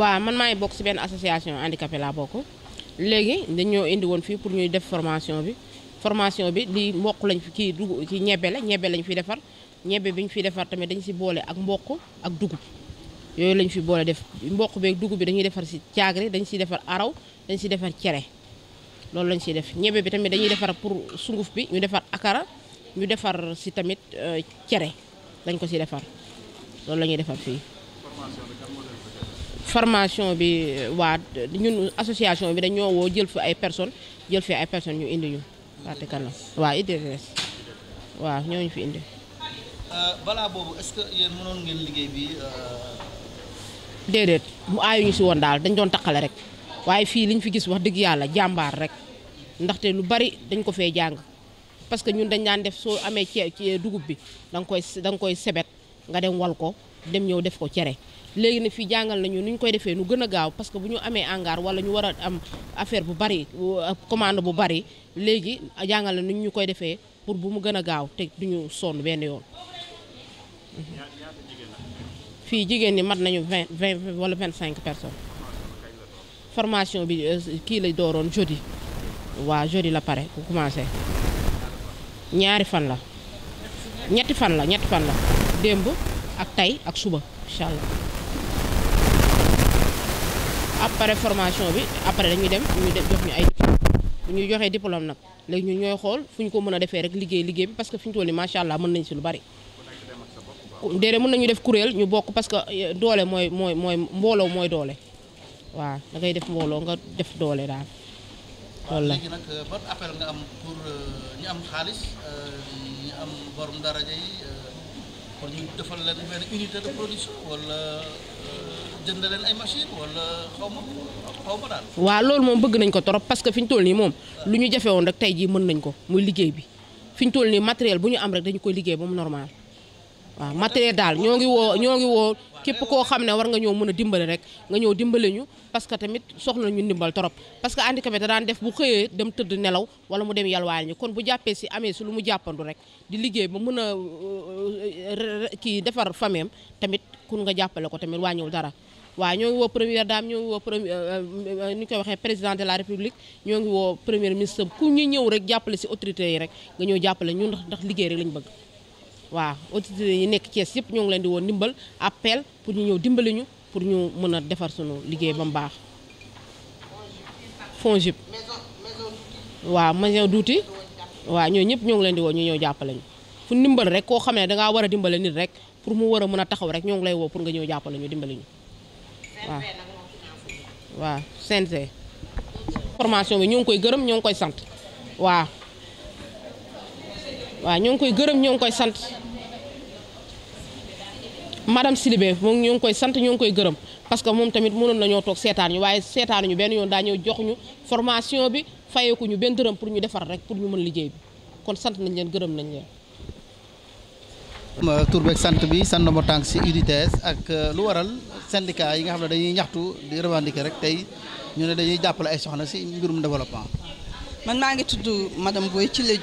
waaw man maa bokk si benn association handicapé laa bokk léegi dañoo indi woon fii pour ñuy def formation bi formation bi li mboq lañ fi kii dugub kii ñebe la ñebe lañ fi defar ñebe bi ñu fi defar tamit dañ ci boole ak mboq ak dugub yooyu lañ fi boole def mboq beeg dugub bi dañuy defar ci caagri dañ ciy defar araw dañ si defar cere loolu lañ ciy def ñebe bi tamit dañuy defar pour sunguf bi ñu defar akara ñu defar ci tamit euh, cere dañ ko ci defar loolu la defar fii. formation bi euh, waa ñun association bi dañoo woo jël fi ay personnes jël fi ay personnes ñu indi ñu parti kanam waaw IDRS waaw ñooñu fi indi. Euh, balaa boobu est-ce mu euh? aayuñu si woon daal dañ doon taqale rek waaye fii liñ fi gis wax dëgg yàlla jàmbaar rek ndaxte lu bari dañ ko fee jàng parce que ñun dañ daan def soo amee ci dugub bi danga koy da koy sebet nga dem wal ko. dem ñëw def ko cere léegi nag fii jàngal nañu ni ñu koy defee nu gën a gaaw parce que bu ñu amee hangar wala ñu war a am affaire bu bari commande bu bari léegi jàngal na ñu koy defee pour bu mu gën a gaaw te duñu sonn benn yoon. fii jigéen ñi mat nañu vingt vingt wala vingt cinq personnes formation bi euh, kii lay dooroon jeudi waaw jeudi la pare ku commencé ñaari fan la ñetti fan la ñetti fan la démb. ak tey ak suba incha allah formation bi après dañuy dem ñu def jox ñu ay diplôme bu ñu joxee diplôme nag léegi ñu ñooy xool fu ñu ko mën a defee rek liggéey liggéey bi parce que fi ñu toll nii macha allah mën nañ si lu bari. déedéet mën nañu def kuréel ñu bokk parce que eh, doole mooy mooy mooy mbooloo mooy doole waaw da ngay def mbooloo nga def doole daal. loolu la léegi eh, nga am pour eh, ñi am xaalis ñi am borom daraja yi kon ñu defal leen benn euh, loolu moom bëgg nañ ko trop parce que fi ñu toll nii moom lu ñu jafe woon rek tey ji mën nañ ko muy liggéey bi fi ñu toll nii matériel bu ñu am rek dañu koy liggéey ba mu normal. waaw matériel daal ñoo ngi woo ñoo ngi woo képp koo xam ne war nga ñëw mun a dimbale rek nga ñëw dimbale ñu parce que tamit soxla ñu dimbal trop parce que handicapé da daan def bu xëyee dem tëdd nelaw wala mu dem yalwaay ñu kon bu jàppee si amee si lu mu jàppandu rek di liggéey ba mën a euh, euh, kii defar fameem tamit kun nga jàppale ko tamit wàññiwul dara waa ñoo ngi woo première dame ñoo ngi woo premier euh, ni ñu koy waxee président de la république ñoo ngi woo premier ministre ku ñu ñëw rek jàppale si autorité yi rek nga ñëw jàppale ñu ndax ndax liggéey rek lañ bëgg waaw autorités yi nekk Thiès yëpp ñoo ngi leen di woon ndimbal appel pour ñu ñëw dimbali ñu pour ñu mën a defar sunu liggéey ba mu baax FONGIP waaw maison d'outil waa ñoo ñëpp ñoo ngi leen di woo ñu ñëw jàppale ñu fu ndimbal rek koo xam ne dangaa war a dimbale nit rek pour mu war a mën a taxaw rek ñoo ngi lay woo pour nga ñëw jàppale ñu dimbali ñu waaw waaw CNG formation bi ñoo ngi koy gërëm ñoo ngi koy sant waaw waaw ñoo ngi koy gërëm ñoo ngi koy sant madame Silibé moom ñoo ngi koy sant ñoo ngi koy gërëm parce que moom tamit mënoon nañoo toog seetaan ñu waaye seetaan ñu benn yoon daa ñëw jox ñu formation bi fayeeku ñu benn dërëm pour ñu defar rek pour ñu mën liggéey bi kon sant nañ leen gërëm nañ leen. tur beeg sant bi sant na ma tànk si UDTS ak euh, lu waral syndicat yi nga xam ne dañuy ñaxtu di revendiquer rek tey ñu ne dañuy jàppale ay soxna si mbirum développement. man maa ngi tudd madame Boy Thillé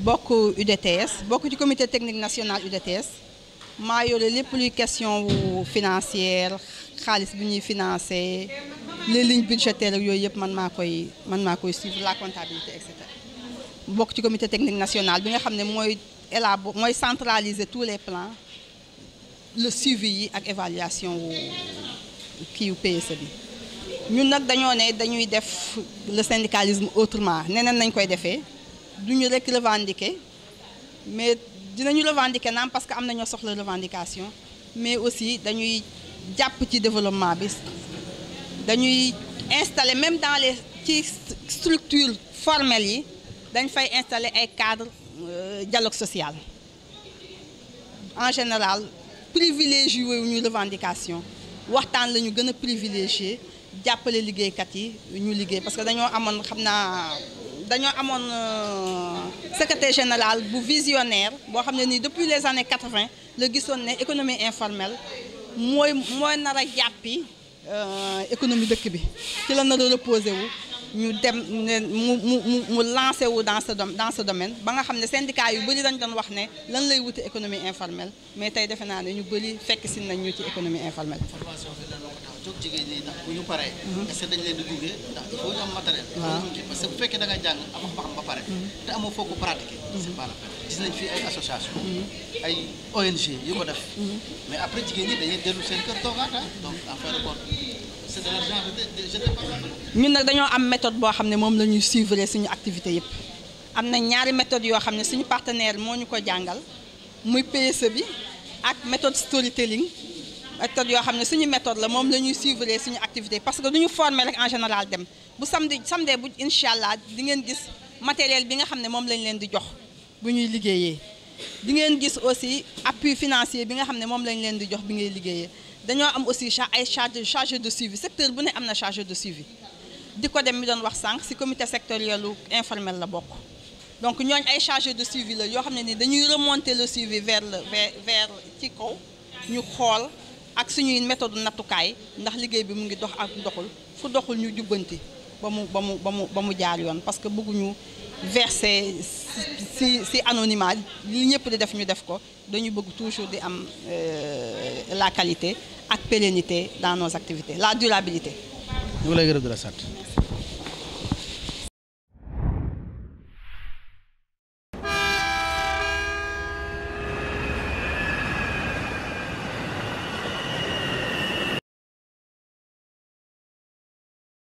bokk UDTS bokk ci comité technique national UDTS maa yore lépp luy question wu financière xaalis bi ñuy financé les lignes budgétaires ak yooyu yëpp man maa koy man maa koy suivre la comptabilité et bokk ci comité technique national bi nga xam ne mooy élabo mooy centraliser tous les plans le suivi yi ak évaluation wu kii PSE bi ñun nag dañoo ne dañuy def le syndicalisme autrement neneen nañ koy defee ñu rekk revendiquer mais dinañu revendiquer naam parce que am nañoo soxla revendication mais aussi dañuy jàpp ci développement bi dañuy installer même dans les ci structure formelles yi dañ fay installer ay cadres euh, dialogue social en général privilégié wu ñu revendication waxtaan la ñu gën a privilégié jàppale liggéeykat yi ñu liggéey parce que dañoo amoon xam naa dañoo amoon euh, secrétaire général bu visionnaire boo xam ne nii depuis les années quatre-vingt la gisoon ne économie informelle mooy mooy nar a jàppi euh, économie dëkk bi ci la nar a reposé wu ñu dem mu mu mu lancé wu dans ce dans ce domaine ba nga xam ne syndicat yu bëri dañ doon wax ne lan lay wuti économie informelle mais tey defe naa ne ñu bëri fekk si nañ ñu ci économie informelle. formation bi lan la ko tax mhm. dañ leen di gunge ndax il ñu am matériel. parce que bu fekkee da nga jàng amoo xam ba pare. Mhm. te amoo foo pratiquer. Mhm. c'est pas gis nañ fi ay association ay ONG yu ko def. mais après jigéen ñi dañuy dellu seen kër toogaat ah. donc en fin de ñun ne dañoo am méthode boo xam ne moom la ñuy suivre suñu activité yëpp am na ñaari méthode yoo xam ne suñu partenaire moo ñu ko jàngal muy PSE bi ak méthode storytelling méthode yoo xam ne suñu méthode la moom la ñuy suivre suñu activité parce que du ñu former rek en général dem bu samedi samedi bu incha allah di ngeen gis matériel bi nga xam ne moom lañ leen di jox bu ñuy liggéeyee. di ngeen gis aussi appui financier bi nga xam ne moom lañ leen di jox bi ngay liggéeyee dañoo am aussi ay chargé chargé de suivi secteur bu ne am na chargé de suivi di ko dem mi doon wax sànq si comité sectoriel lu informel la bokk donc ñooñ ay chargé de suivi la yoo xam ne ni dañuy remonter le suivi vers le vers ci kaw ñu xool ak suñuy méthode nattukaay ndax liggéey bi mu ngi dox ak doxul fu doxul ñu jubbanti ba mu ba mu ba mu ba mu jaar yoon parce que bëgguñu verser si si anonymat li ñëpp di def ñu def ko dañu bëgg toujours di am euh, la qualité ak pérennité dans nos activités la durabilité. ñu ngi